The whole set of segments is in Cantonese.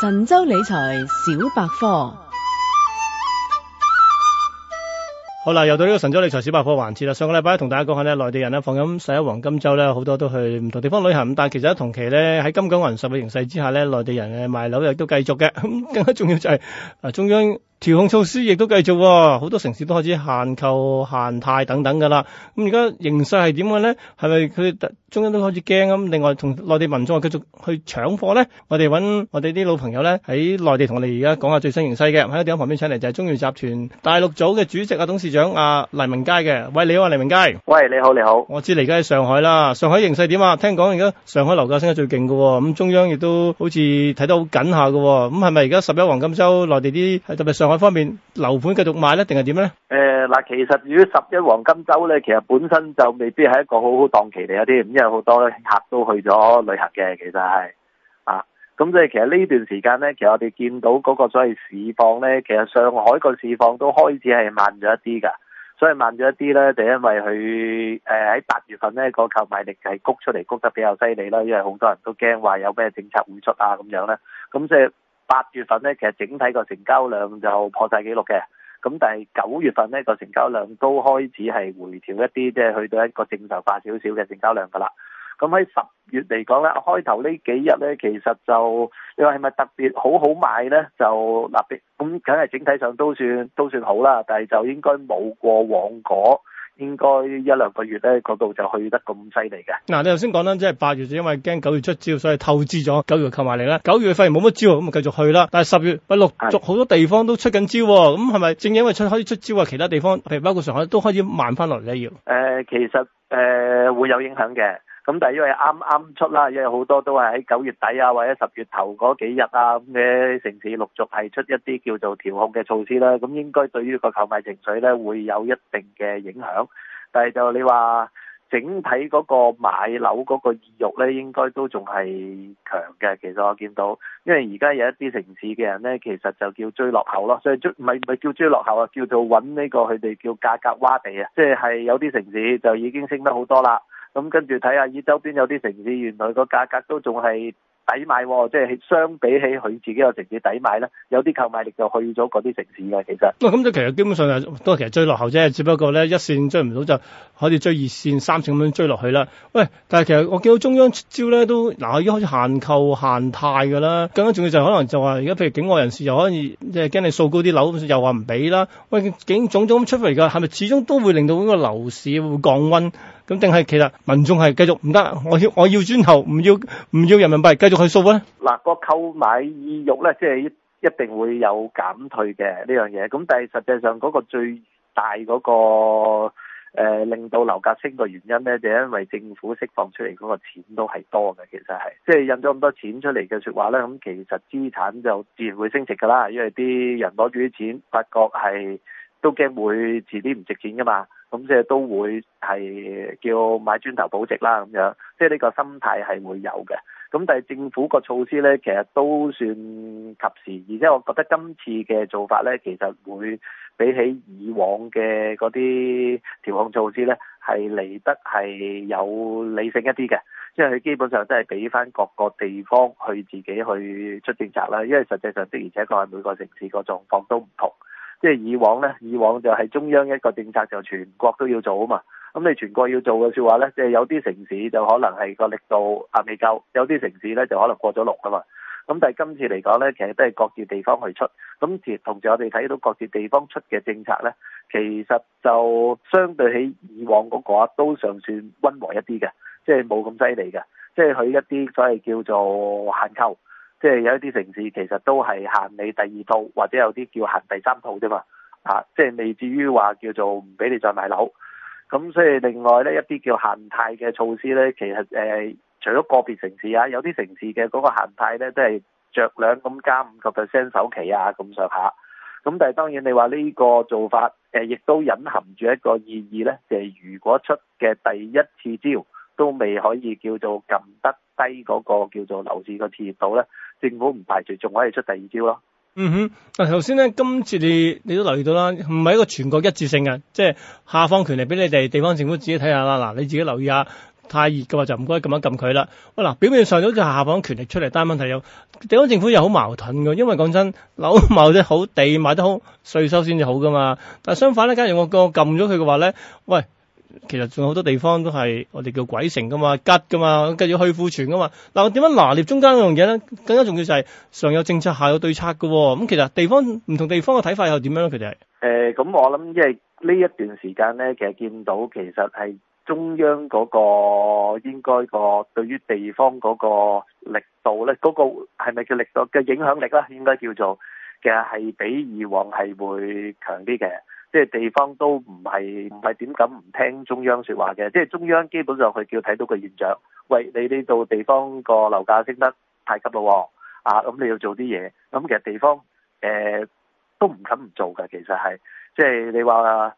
神州理財小百科，好啦，又到呢個神州理財小百科環節啦。上個禮拜咧，同大家講下咧，內地人咧放緊十一黃金周咧，好多都去唔同地方旅行。但係其實同期咧，喺金九銀十嘅形勢之下咧，內地人嘅賣樓亦都繼續嘅。咁更加重要就係啊中央。調控措施亦都繼續，好多城市都開始限購限貸等等噶啦。咁而家形勢係點嘅咧？係咪佢中央都開始驚咁？另外同內地民眾繼續去搶貨咧？我哋揾我哋啲老朋友咧，喺內地同我哋而家講下最新形勢嘅。喺電話旁邊請嚟就係中原集團大陸組嘅主席啊、董事長啊黎明楷嘅。喂，你好啊，黎明楷。喂，你好，你好。我知你而家喺上海啦。上海形勢點啊？聽講而家上海樓價升得最勁嘅，咁中央亦都好似睇得好緊下嘅。咁係咪而家十一黃金周內地啲特別上？另一方面，樓盤繼續賣咧，定係點咧？誒嗱、呃，其實如果十一黃金周咧，其實本身就未必係一個好好檔期嚟嘅添，因為好多客都去咗旅行嘅。其實係啊，咁即係其實呢段時間咧，其實我哋見到嗰個所謂市況咧，其實上海個市況都開始係慢咗一啲㗎。所以慢咗一啲咧，就因為佢誒喺八月份咧、個購買力係谷出嚟，谷得比較犀利啦。因為好多人都驚話有咩政策會出啊咁樣咧，咁即係。八月份咧，其實整體個成交量就破晒記錄嘅。咁但係九月份咧，個成交量都開始係回調一啲，即係去到一個正常化少少嘅成交量噶啦。咁喺十月嚟講呢，開頭呢幾日咧，其實就你話係咪特別好好賣咧？就立咁，梗係整體上都算都算好啦，但係就應該冇過往嗰。應該一兩個月咧，嗰度就去得咁犀利嘅。嗱，你頭先講啦，即係八月，因為驚九月出招，所以透支咗九月購買力啦。九月反而冇乜招，咁咪繼續去啦。但係十月，咪陸續好多地方都出緊招喎。咁係咪正因為出開始出招啊？其他地方，譬如包括上海，都可以慢翻落嚟咧。要誒，其實誒會有影響嘅。咁但係因為啱啱出啦，因為好多都係喺九月底啊，或者十月頭嗰幾日啊，咁嘅城市陸續係出一啲叫做調控嘅措施啦，咁應該對於個購買情緒咧會有一定嘅影響。但係就你話整體嗰個買樓嗰個意欲咧，應該都仲係強嘅。其實我見到，因為而家有一啲城市嘅人咧，其實就叫追落後咯，所以追唔係唔係叫追落後啊，叫做揾呢個佢哋叫價格窪地啊，即係係有啲城市就已經升得好多啦。咁跟住睇下，呢周邊有啲城市，原來個價格都仲係抵買喎，即係相比起佢自己個城市抵買啦，有啲購買力就去咗嗰啲城市嘅。其實、嗯，咁、嗯、即其實基本上啊，都係其實追落後啫。只不過咧，一線追唔到就可以追二線、三線咁樣追落去啦。喂，但係其實我見到中央出招咧，都嗱、嗯，已經開始限購、限貸㗎啦。更加重要就係可能就話，而家譬如境外人士又可以即係驚你掃高啲樓，又話唔俾啦。喂，警種種咁出嚟嘅，係咪始終都會令到嗰個樓市會降溫？咁定係其實民眾係繼續唔得，我要我要磚頭，唔要唔要人民幣，繼續去掃咧。嗱，個購買意欲咧，即係一定會有減退嘅呢樣嘢。咁但係實際上嗰個最大嗰個誒令到樓價升嘅原因咧，就係因為政府釋放出嚟嗰個錢都係多嘅。其實係即係印咗咁多錢出嚟嘅說話咧，咁其實資產就自然會升值㗎啦。因為啲人攞住啲錢，發覺係都驚會遲啲唔值錢㗎嘛。咁即係都會係叫買磚頭保值啦，咁樣，即係呢個心態係會有嘅。咁但係政府個措施呢，其實都算及時，而且我覺得今次嘅做法呢，其實會比起以往嘅嗰啲調控措施呢，係嚟得係有理性一啲嘅，因為佢基本上都係俾翻各個地方去自己去出政策啦，因為實際上的而且確係每個城市個狀況都唔同。即係以往呢，以往就係中央一個政策就全國都要做啊嘛。咁你全國要做嘅，說話呢，即係有啲城市就可能係個力度壓未夠，有啲城市呢就可能過咗龍啊嘛。咁但係今次嚟講呢，其實都係各自地方去出。咁同時我哋睇到各自地方出嘅政策呢，其實就相對起以往嗰個都尚算溫和一啲嘅，即係冇咁犀利嘅，即係佢一啲所謂叫做限購。即係有一啲城市其實都係限你第二套，或者有啲叫限第三套啫嘛、啊，即係未至於話叫做唔俾你再買樓。咁所以另外呢一啲叫限貸嘅措施呢，其實、呃、除咗個別城市啊，有啲城市嘅嗰個限貸呢，都係著兩咁加五個 percent 首期啊，咁上下。咁但係當然你話呢個做法，亦、呃、都隱含住一個意義呢，就係、是、如果出嘅第一次招都未可以叫做撳得低嗰個叫做樓市個熱度呢。政府唔排除仲可以出第二招咯。嗯哼，嗱，頭先咧，今次你你都留意到啦，唔係一個全國一致性嘅，即係下放權力俾你哋地方政府自己睇下啦。嗱，你自己留意下，太熱嘅話就唔該咁樣撳佢啦。嗱，表面上咗就下放權力出嚟，但係問題有地方政府又好矛盾嘅，因為講真，樓賣得好，地買得好，稅收先至好噶嘛。但相反咧，假如我個撳咗佢嘅話咧，喂。其實仲有好多地方都係我哋叫鬼城噶嘛，吉噶嘛，跟住去庫存噶嘛。嗱，我點樣拿捏中間嗰樣嘢咧？更加重要就係上有政策下有對策喎。咁其實地方唔同地方嘅睇法又點樣咧？佢哋、呃？誒，咁我諗即係呢一段時間咧，其實見到其實係中央嗰個應該個對於地方嗰個力度咧，嗰、嗰個係咪叫力度嘅影響力咧？應該叫做。嘅係比以往係會強啲嘅，即係地方都唔係唔係點敢唔聽中央說話嘅，即係中央基本上佢叫睇到個現象，喂，你呢度地方個樓價升得太急咯，啊咁你要做啲嘢，咁其實地方誒都唔敢唔做㗎，其實係即係你話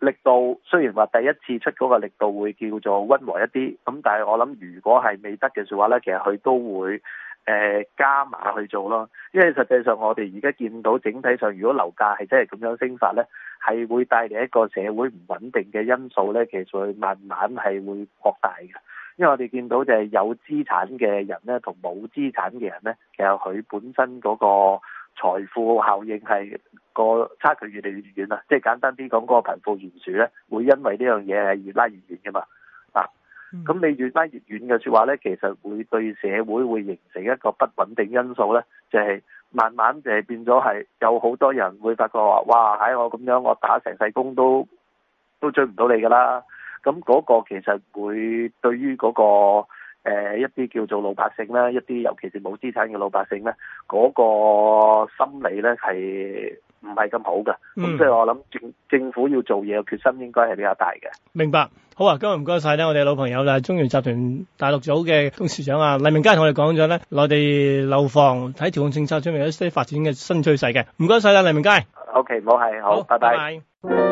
力度雖然話第一次出嗰個力度會叫做溫和一啲，咁但係我諗如果係未得嘅說話咧，其實佢都會。誒、呃、加碼去做囉，因為實際上我哋而家見到整體上，如果樓價係真係咁樣升法呢，係會帶嚟一個社會唔穩定嘅因素呢，其實佢慢慢係會擴大嘅。因為我哋見到就係有資產嘅人咧，同冇資產嘅人呢，其實佢本身嗰個財富效應係個差距越嚟越遠啊！即係簡單啲講，嗰個貧富懸殊呢，會因為呢樣嘢係越拉越遠噶嘛。咁、嗯、你越拉越遠嘅說話咧，其實會對社會會形成一個不穩定因素咧，就係慢慢就係變咗係有好多人會發覺話，哇，喺我咁樣，我打成世工都都追唔到你㗎啦。咁嗰個其實會對於嗰個誒一啲叫做老百姓咧，一啲尤其是冇資產嘅老百姓咧，嗰個心理咧係唔係咁好嘅，咁所以我諗政政府要做嘢嘅決心應該係比較大嘅。明白，好啊，今日唔該曬咧，我哋嘅老朋友啦，中原集團大陸組嘅董事長啊，黎明楷同我哋講咗咧，內地樓房喺調控政策出面有一些發展嘅新趨勢嘅，唔該曬啦，黎明楷。O K，冇事，好，拜拜。